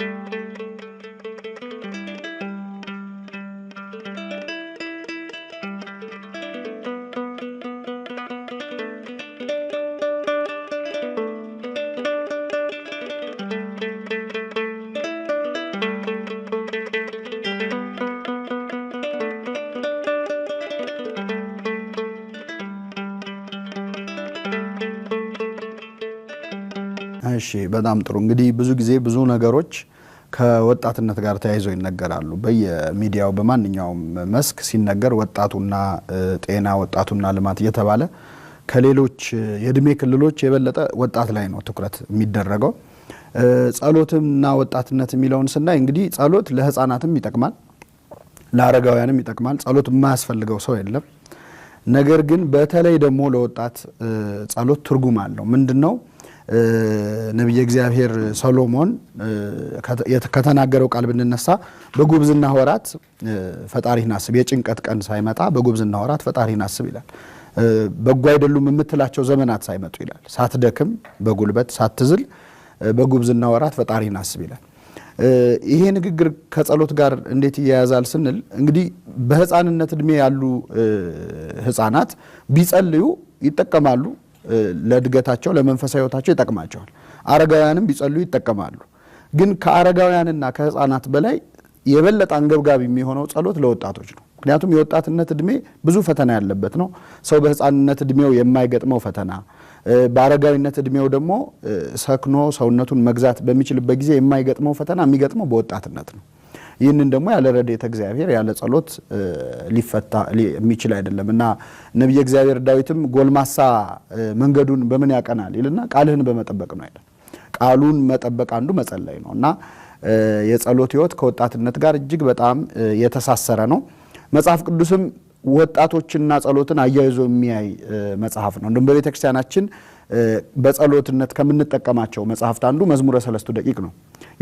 Música እሺ በጣም ጥሩ እንግዲህ ብዙ ጊዜ ብዙ ነገሮች ከወጣትነት ጋር ተያይዘው ይነገራሉ። በየሚዲያው በማንኛውም መስክ ሲነገር ወጣቱና ጤና ወጣቱና ልማት እየተባለ ከሌሎች የእድሜ ክልሎች የበለጠ ወጣት ላይ ነው ትኩረት የሚደረገው። ና ወጣትነት የሚለውን ስናይ እንግዲህ ጸሎት ለህፃናትም ይጠቅማል፣ ለአረጋውያንም ይጠቅማል። ጸሎት የማያስፈልገው ሰው የለም። ነገር ግን በተለይ ደግሞ ለወጣት ጸሎት ትርጉም አለው። ምንድን ነው? ነቢየ እግዚአብሔር ሰሎሞን ከተናገረው ቃል ብንነሳ በጉብዝና ወራት ፈጣሪህን አስብ፣ የጭንቀት ቀን ሳይመጣ በጉብዝና ወራት ፈጣሪህን አስብ ይላል። በጎ አይደሉም የምትላቸው ዘመናት ሳይመጡ ይላል። ሳትደክም በጉልበት ሳትዝል በጉብዝና ወራት ፈጣሪህን አስብ ይላል። ይሄ ንግግር ከጸሎት ጋር እንዴት ይያያዛል ስንል እንግዲህ በህፃንነት እድሜ ያሉ ህፃናት ቢጸልዩ ይጠቀማሉ ለእድገታቸው ለመንፈሳዊ ህይወታቸው ይጠቅማቸዋል። አረጋውያንም ቢጸሉ ይጠቀማሉ። ግን ከአረጋውያንና ከህፃናት በላይ የበለጠ አንገብጋቢ የሚሆነው ጸሎት ለወጣቶች ነው። ምክንያቱም የወጣትነት እድሜ ብዙ ፈተና ያለበት ነው። ሰው በህፃንነት እድሜው የማይገጥመው ፈተና፣ በአረጋዊነት እድሜው ደግሞ ሰክኖ ሰውነቱን መግዛት በሚችልበት ጊዜ የማይገጥመው ፈተና የሚገጥመው በወጣትነት ነው። ይህንን ደግሞ ያለ ረድኤተ እግዚአብሔር ያለ ጸሎት ሊፈታ የሚችል አይደለም እና ነቢየ እግዚአብሔር ዳዊትም ጎልማሳ መንገዱን በምን ያቀናል ይልና ቃልህን በመጠበቅ ነው አይደል። ቃሉን መጠበቅ አንዱ መጸለይ ነው እና የጸሎት ህይወት ከወጣትነት ጋር እጅግ በጣም የተሳሰረ ነው። መጽሐፍ ቅዱስም ወጣቶችና ጸሎትን አያይዞ የሚያይ መጽሐፍ ነው። እንዲሁም በቤተ ክርስቲያናችን በጸሎትነት ከምንጠቀማቸው መጽሐፍት አንዱ መዝሙረ ሰለስቱ ደቂቅ ነው።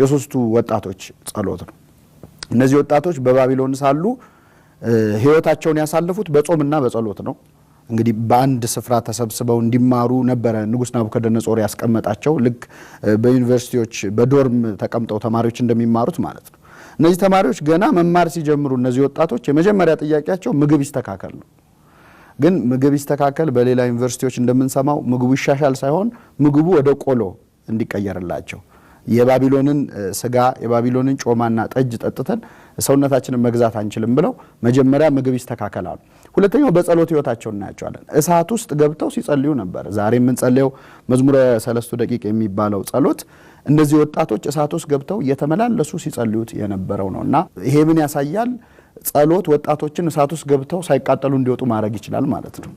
የሶስቱ ወጣቶች ጸሎት ነው። እነዚህ ወጣቶች በባቢሎን ሳሉ ህይወታቸውን ያሳለፉት በጾምና በጸሎት ነው። እንግዲህ በአንድ ስፍራ ተሰብስበው እንዲማሩ ነበረ ንጉስ ናቡከደነጾር ያስቀመጣቸው፣ ልክ በዩኒቨርሲቲዎች በዶርም ተቀምጠው ተማሪዎች እንደሚማሩት ማለት ነው። እነዚህ ተማሪዎች ገና መማር ሲጀምሩ እነዚህ ወጣቶች የመጀመሪያ ጥያቄያቸው ምግብ ይስተካከል ነው። ግን ምግብ ይስተካከል፣ በሌላ ዩኒቨርሲቲዎች እንደምንሰማው ምግቡ ይሻሻል ሳይሆን ምግቡ ወደ ቆሎ እንዲቀየርላቸው የባቢሎንን ስጋ የባቢሎንን ጮማና ጠጅ ጠጥተን ሰውነታችንን መግዛት አንችልም ብለው መጀመሪያ ምግብ ይስተካከል አሉ። ሁለተኛው በጸሎት ህይወታቸው እናያቸዋለን። እሳት ውስጥ ገብተው ሲጸልዩ ነበር። ዛሬ የምንጸልየው መዝሙረ ሰለስቱ ደቂቅ የሚባለው ጸሎት እነዚህ ወጣቶች እሳት ውስጥ ገብተው እየተመላለሱ ሲጸልዩት የነበረው ነው እና ይሄ ምን ያሳያል? ጸሎት ወጣቶችን እሳት ውስጥ ገብተው ሳይቃጠሉ እንዲወጡ ማድረግ ይችላል ማለት ነው።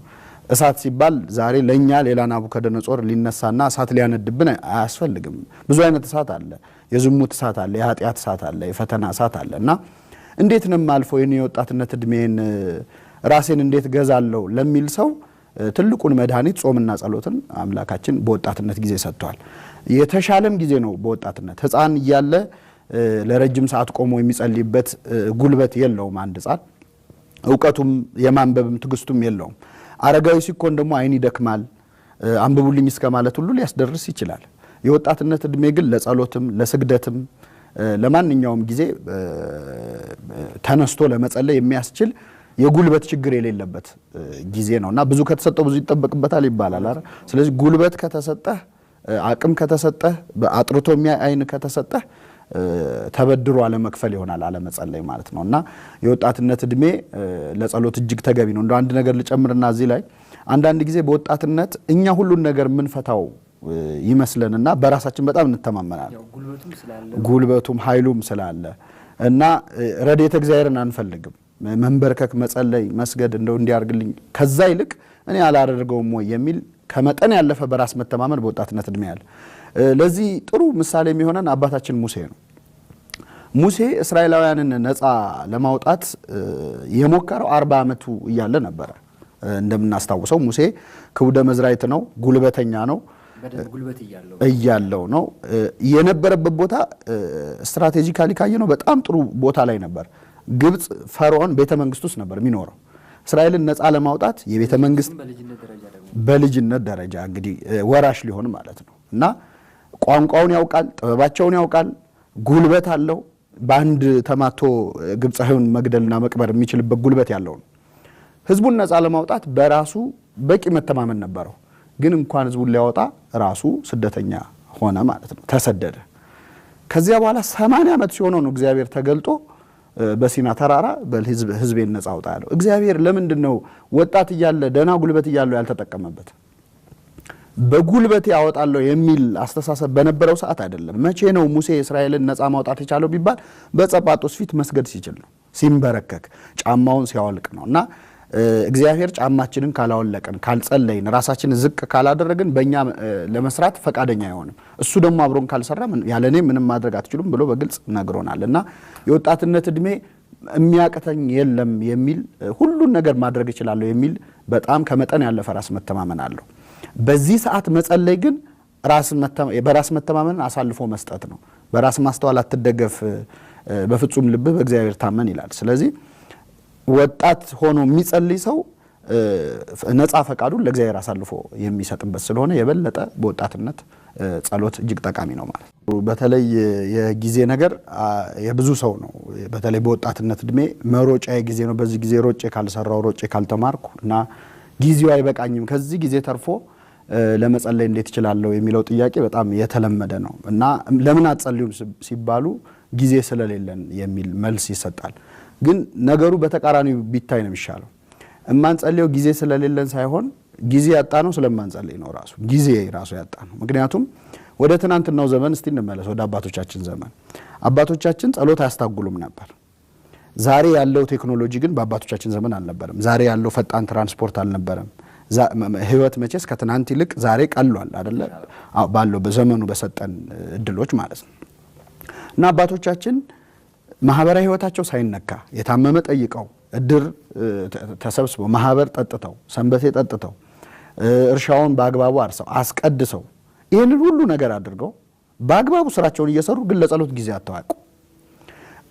እሳት ሲባል ዛሬ ለእኛ ሌላ ናቡከደነጾር ሊነሳና እሳት ሊያነድብን አያስፈልግም። ብዙ አይነት እሳት አለ። የዝሙት እሳት አለ፣ የኃጢአት እሳት አለ፣ የፈተና እሳት አለ እና እንዴት ነው የማልፈው ይህን የወጣትነት እድሜን ራሴን እንዴት ገዛለሁ ለሚል ሰው ትልቁን መድኃኒት ጾምና ጸሎትን አምላካችን በወጣትነት ጊዜ ሰጥቷል። የተሻለም ጊዜ ነው በወጣትነት። ሕፃን እያለ ለረጅም ሰዓት ቆሞ የሚጸልይበት ጉልበት የለውም አንድ ሕፃን እውቀቱም የማንበብም ትግስቱም የለውም። አረጋዊ ሲኮን ደግሞ አይን ይደክማል አንብቡልኝ እስከ ማለት ሁሉ ሊያስደርስ ይችላል። የወጣትነት እድሜ ግን ለጸሎትም ለስግደትም ለማንኛውም ጊዜ ተነስቶ ለመጸለይ የሚያስችል የጉልበት ችግር የሌለበት ጊዜ ነው እና ብዙ ከተሰጠው ብዙ ይጠበቅበታል ይባላል። ስለዚህ ጉልበት ከተሰጠህ፣ አቅም ከተሰጠህ፣ አጥርቶ የሚያይ አይን ከተሰጠህ ተበድሮ አለመክፈል ይሆናል አለመጸለይ ማለት ነው። እና የወጣትነት እድሜ ለጸሎት እጅግ ተገቢ ነው። እንደ አንድ ነገር ልጨምርና እዚህ ላይ አንዳንድ ጊዜ በወጣትነት እኛ ሁሉን ነገር የምንፈታው ይመስለንና በራሳችን በጣም እንተማመናለን። ጉልበቱም ኃይሉም ስላለ እና ረድኤተ እግዚአብሔርን አንፈልግም። መንበርከክ፣ መጸለይ፣ መስገድ እንደው እንዲያርግልኝ ከዛ ይልቅ እኔ አላደርገውም ወይ የሚል ከመጠን ያለፈ በራስ መተማመን በወጣትነት እድሜ ያለ ለዚህ ጥሩ ምሳሌ የሚሆነን አባታችን ሙሴ ነው። ሙሴ እስራኤላውያንን ነፃ ለማውጣት የሞከረው አርባ ዓመቱ እያለ ነበረ። እንደምናስታውሰው ሙሴ ክቡደ መዝራይት ነው፣ ጉልበተኛ ነው እያለው ነው የነበረበት ቦታ ስትራቴጂካሊ ካየ ነው በጣም ጥሩ ቦታ ላይ ነበር። ግብፅ ፈርዖን ቤተ መንግስት ውስጥ ነበር የሚኖረው። እስራኤልን ነፃ ለማውጣት የቤተ መንግስት በልጅነት ደረጃ እንግዲህ ወራሽ ሊሆን ማለት ነው እና ቋንቋውን ያውቃል፣ ጥበባቸውን ያውቃል፣ ጉልበት አለው። በአንድ ተማቶ ግብፃዊውን መግደልና መቅበር የሚችልበት ጉልበት ያለውን ህዝቡን ነፃ ለማውጣት በራሱ በቂ መተማመን ነበረው። ግን እንኳን ህዝቡን ሊያወጣ ራሱ ስደተኛ ሆነ ማለት ነው፣ ተሰደደ። ከዚያ በኋላ ሰማንያ ዓመት ሲሆነው ነው እግዚአብሔር ተገልጦ በሲና ተራራ በህዝቤን ነፃ አውጣ ያለው። እግዚአብሔር ለምንድን ነው ወጣት እያለ ደህና ጉልበት እያለው ያልተጠቀመበት? በጉልበት ያወጣለሁ የሚል አስተሳሰብ በነበረው ሰዓት አይደለም። መቼ ነው ሙሴ እስራኤልን ነፃ ማውጣት የቻለው ቢባል በጸጳጦስ ፊት መስገድ ሲችል ነው፣ ሲንበረከክ ጫማውን ሲያወልቅ ነው። እና እግዚአብሔር ጫማችንን ካላወለቅን፣ ካልጸለይን፣ ራሳችንን ዝቅ ካላደረግን በእኛ ለመስራት ፈቃደኛ አይሆንም። እሱ ደግሞ አብሮን ካልሰራ ያለ እኔ ምንም ማድረግ አትችሉም ብሎ በግልጽ ነግሮናል። እና የወጣትነት እድሜ የሚያቅተኝ የለም የሚል ሁሉን ነገር ማድረግ እችላለሁ የሚል በጣም ከመጠን ያለፈ ራስ መተማመን አለው። በዚህ ሰዓት መጸለይ ግን በራስ መተማመንን አሳልፎ መስጠት ነው። በራስ ማስተዋል አትደገፍ፣ በፍጹም ልብህ በእግዚአብሔር ታመን ይላል። ስለዚህ ወጣት ሆኖ የሚጸልይ ሰው ነፃ ፈቃዱን ለእግዚአብሔር አሳልፎ የሚሰጥበት ስለሆነ የበለጠ በወጣትነት ጸሎት እጅግ ጠቃሚ ነው ማለት ነው። በተለይ የጊዜ ነገር የብዙ ሰው ነው። በተለይ በወጣትነት እድሜ መሮጫ ጊዜ ነው። በዚህ ጊዜ ሮጬ ካልሰራው ሮጬ ካልተማርኩ እና ጊዜው አይበቃኝም፣ ከዚህ ጊዜ ተርፎ ለመጸለይ እንዴት እችላለሁ የሚለው ጥያቄ በጣም የተለመደ ነው እና ለምን አትጸልዩም ሲባሉ ጊዜ ስለሌለን የሚል መልስ ይሰጣል። ግን ነገሩ በተቃራኒው ቢታይ ነው የሚሻለው። እማንጸልየው ጊዜ ስለሌለን ሳይሆን ጊዜ ያጣ ነው ስለማንጸልይ ነው ራሱ ጊዜ ራሱ ያጣ ነው። ምክንያቱም ወደ ትናንትናው ዘመን እስቲ እንመለስ፣ ወደ አባቶቻችን ዘመን አባቶቻችን ጸሎት አያስታጉሉም ነበር። ዛሬ ያለው ቴክኖሎጂ ግን በአባቶቻችን ዘመን አልነበረም። ዛሬ ያለው ፈጣን ትራንስፖርት አልነበረም። ህይወት መቼስ ከትናንት ይልቅ ዛሬ ቀሏል አደለ? ባለው በዘመኑ በሰጠን እድሎች ማለት ነው። እና አባቶቻችን ማህበራዊ ህይወታቸው ሳይነካ የታመመ ጠይቀው፣ እድር ተሰብስበው፣ ማህበር ጠጥተው፣ ሰንበቴ ጠጥተው፣ እርሻውን በአግባቡ አርሰው አስቀድሰው፣ ይህንን ሁሉ ነገር አድርገው በአግባቡ ስራቸውን እየሰሩ ግን ለጸሎት ጊዜ አተዋቁ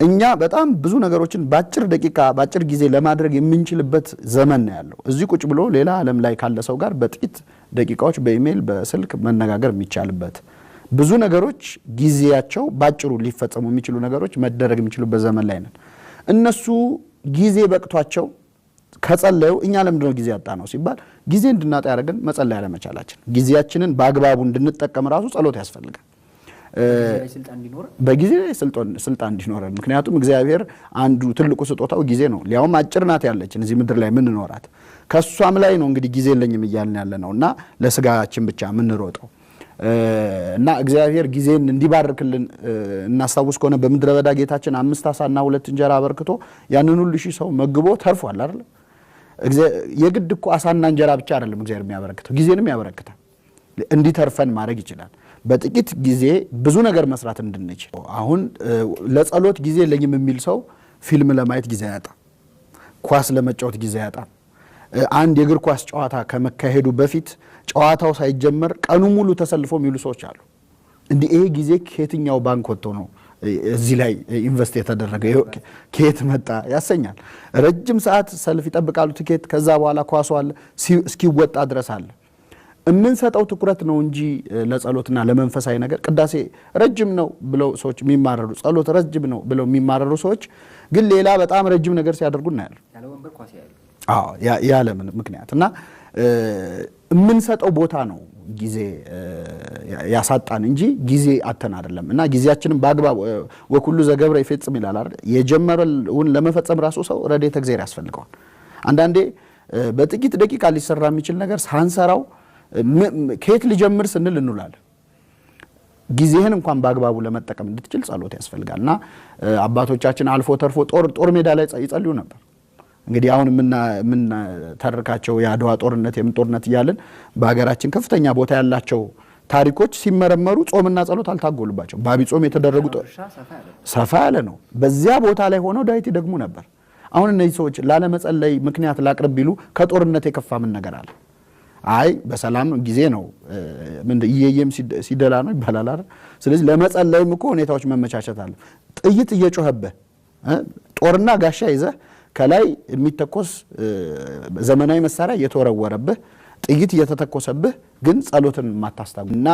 እኛ በጣም ብዙ ነገሮችን በአጭር ደቂቃ በአጭር ጊዜ ለማድረግ የምንችልበት ዘመን ነው ያለው። እዚህ ቁጭ ብሎ ሌላ ዓለም ላይ ካለ ሰው ጋር በጥቂት ደቂቃዎች በኢሜይል በስልክ መነጋገር የሚቻልበት ብዙ ነገሮች ጊዜያቸው በአጭሩ ሊፈጸሙ የሚችሉ ነገሮች መደረግ የሚችሉበት ዘመን ላይ ነን። እነሱ ጊዜ በቅቷቸው ከጸለዩ እኛ ለምንድነው ጊዜ ያጣ ነው ሲባል ጊዜ እንድናጣ ያደረገን መጸለይ አለመቻላችን፣ ጊዜያችንን በአግባቡ እንድንጠቀም ራሱ ጸሎት ያስፈልጋል። በጊዜ ስልጣን እንዲኖረን። ምክንያቱም እግዚአብሔር አንዱ ትልቁ ስጦታው ጊዜ ነው። ሊያውም አጭር ናት ያለችን እዚህ ምድር ላይ ምንኖራት ከእሷም ላይ ነው እንግዲህ ጊዜ የለኝም እያልን ያለ ነው እና ለስጋችን ብቻ የምንሮጠው እና እግዚአብሔር ጊዜን እንዲባርክልን እናስታውስ ከሆነ በምድረ በዳ ጌታችን አምስት አሳና ሁለት እንጀራ አበርክቶ ያንን ሁሉ ሺህ ሰው መግቦ ተርፏል አይደል? የግድ እኮ አሳና እንጀራ ብቻ አይደለም እግዚአብሔር የሚያበረክተው ጊዜንም ያበረክታል። እንዲተርፈን ማድረግ ይችላል። በጥቂት ጊዜ ብዙ ነገር መስራት እንድንችል። አሁን ለጸሎት ጊዜ የለኝም የሚል ሰው ፊልም ለማየት ጊዜ ያጣ፣ ኳስ ለመጫወት ጊዜ ያጣ። አንድ የእግር ኳስ ጨዋታ ከመካሄዱ በፊት ጨዋታው ሳይጀመር ቀኑ ሙሉ ተሰልፎ የሚሉ ሰዎች አሉ። እንዲህ ይሄ ጊዜ ከየትኛው ባንክ ወጥቶ ነው እዚህ ላይ ኢንቨስት የተደረገ ከየት መጣ ያሰኛል። ረጅም ሰዓት ሰልፍ ይጠብቃሉ፣ ትኬት። ከዛ በኋላ ኳሱ አለ እስኪወጣ ድረስ አለ። የምንሰጠው ትኩረት ነው እንጂ ለጸሎትና ለመንፈሳዊ ነገር ቅዳሴ ረጅም ነው ብለው ሰዎች የሚማረሩ ጸሎት ረጅም ነው ብለው የሚማረሩ ሰዎች ግን ሌላ በጣም ረጅም ነገር ሲያደርጉ እናያለን። ያለ ምክንያት እና የምንሰጠው ቦታ ነው ጊዜ ያሳጣን እንጂ ጊዜ አተን አይደለም። እና ጊዜያችንም በአግባብ ወኩሉ ዘገብረ ይፈጽም ይላል አይደል? የጀመረውን ለመፈጸም ራሱ ሰው ረድኤተ እግዚአብሔር ያስፈልገዋል። አንዳንዴ በጥቂት ደቂቃ ሊሰራ የሚችል ነገር ሳንሰራው ከየት ልጀምር ስንል እንውላለን። ጊዜህን እንኳን በአግባቡ ለመጠቀም እንድትችል ጸሎት ያስፈልጋል እና አባቶቻችን አልፎ ተርፎ ጦር ሜዳ ላይ ይጸልዩ ነበር። እንግዲህ አሁን የምንተርካቸው የአድዋ ጦርነት የምን ጦርነት እያለን በሀገራችን ከፍተኛ ቦታ ያላቸው ታሪኮች ሲመረመሩ ጾምና ጸሎት አልታጎሉባቸው። በአቢ ጾም የተደረጉ ሰፋ ያለ ነው። በዚያ ቦታ ላይ ሆነው ዳዊት ይደግሙ ነበር። አሁን እነዚህ ሰዎች ላለመጸለይ ምክንያት ላቅርብ ቢሉ ከጦርነት የከፋ ምን ነገር አለ? አይ በሰላም ጊዜ ነው እየየም ሲደላ ነው ይባላል አይደል? ስለዚህ ለመጸለይም እኮ ሁኔታዎች መመቻቸት አለ። ጥይት እየጮኸብህ ጦርና ጋሻ ይዘህ ከላይ የሚተኮስ ዘመናዊ መሳሪያ እየተወረወረብህ ጥይት እየተተኮሰብህ ግን ጸሎትን ማታስታጉ እና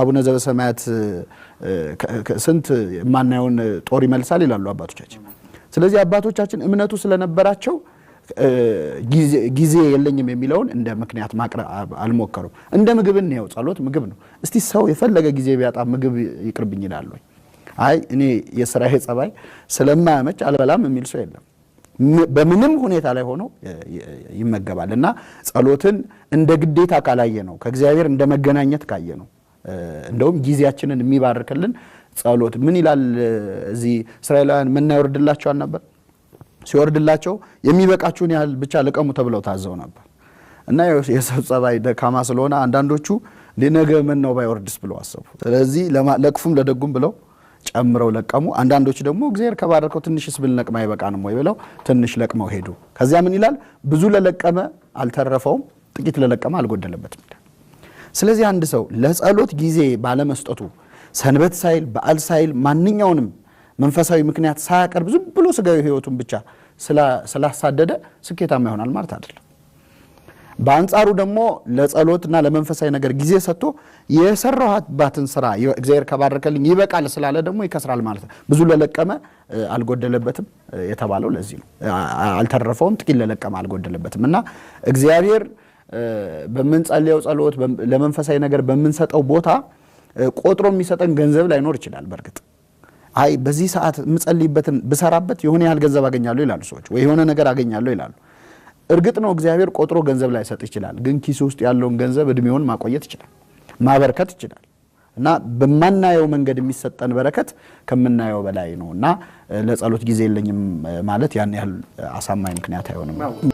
አቡነ ዘበሰማያት ስንት የማናየውን ጦር ይመልሳል ይላሉ አባቶቻችን። ስለዚህ አባቶቻችን እምነቱ ስለነበራቸው ጊዜ የለኝም የሚለውን እንደ ምክንያት ማቅረብ አልሞከሩም። እንደ ምግብ እንየው፣ ጸሎት ምግብ ነው። እስቲ ሰው የፈለገ ጊዜ ቢያጣ ምግብ ይቅርብኝ ይላል አይ እኔ የስራዬ ጸባይ ስለማያመች አልበላም የሚል ሰው የለም። በምንም ሁኔታ ላይ ሆኖ ይመገባል እና ጸሎትን እንደ ግዴታ ካላየ ነው ከእግዚአብሔር እንደ መገናኘት ካየ ነው እንደውም ጊዜያችንን የሚባርክልን ጸሎት ምን ይላል? እዚህ እስራኤላውያን መና ነበር ሲወርድላቸው የሚበቃችሁን ያህል ብቻ ልቀሙ ተብለው ታዘው ነበር እና የሰው ጸባይ ደካማ ስለሆነ አንዳንዶቹ ነገ ምን ነው ባይወርድስ ብለው አሰቡ። ስለዚህ ለክፉም ለደጉም ብለው ጨምረው ለቀሙ። አንዳንዶቹ ደግሞ እግዚአብሔር ከባረከው ትንሽስ ብንለቅም አይበቃንም ወይ ብለው ትንሽ ለቅመው ሄዱ። ከዚያ ምን ይላል? ብዙ ለለቀመ አልተረፈውም፣ ጥቂት ለለቀመ አልጎደለበትም። ስለዚህ አንድ ሰው ለጸሎት ጊዜ ባለመስጠቱ ሰንበት ሳይል በዓል ሳይል ማንኛውንም መንፈሳዊ ምክንያት ሳያቀርብ ዝም ብሎ ስጋዊ ህይወቱን ብቻ ስላሳደደ ስኬታማ ይሆናል ማለት አይደለም። በአንጻሩ ደግሞ ለጸሎትና ለመንፈሳዊ ነገር ጊዜ ሰጥቶ የሰራኋትባትን ስራ እግዚአብሔር ከባረከልኝ ይበቃል ስላለ ደግሞ ይከስራል ማለት ነው። ብዙ ለለቀመ አልጎደለበትም የተባለው ለዚህ ነው። አልተረፈውም፣ ጥቂት ለለቀመ አልጎደለበትም። እና እግዚአብሔር በምንጸልየው ጸሎት፣ ለመንፈሳዊ ነገር በምንሰጠው ቦታ ቆጥሮ የሚሰጠን ገንዘብ ላይኖር ይችላል በእርግጥ አይ በዚህ ሰዓት የምጸልይበትን ብሰራበት የሆነ ያህል ገንዘብ አገኛለሁ ይላሉ ሰዎች፣ ወይ የሆነ ነገር አገኛለሁ ይላሉ። እርግጥ ነው እግዚአብሔር ቆጥሮ ገንዘብ ላይ ሰጥ ይችላል፣ ግን ኪስ ውስጥ ያለውን ገንዘብ እድሜውን ማቆየት ይችላል፣ ማበርከት ይችላል። እና በማናየው መንገድ የሚሰጠን በረከት ከምናየው በላይ ነው። እና ለጸሎት ጊዜ የለኝም ማለት ያን ያህል አሳማኝ ምክንያት አይሆንም።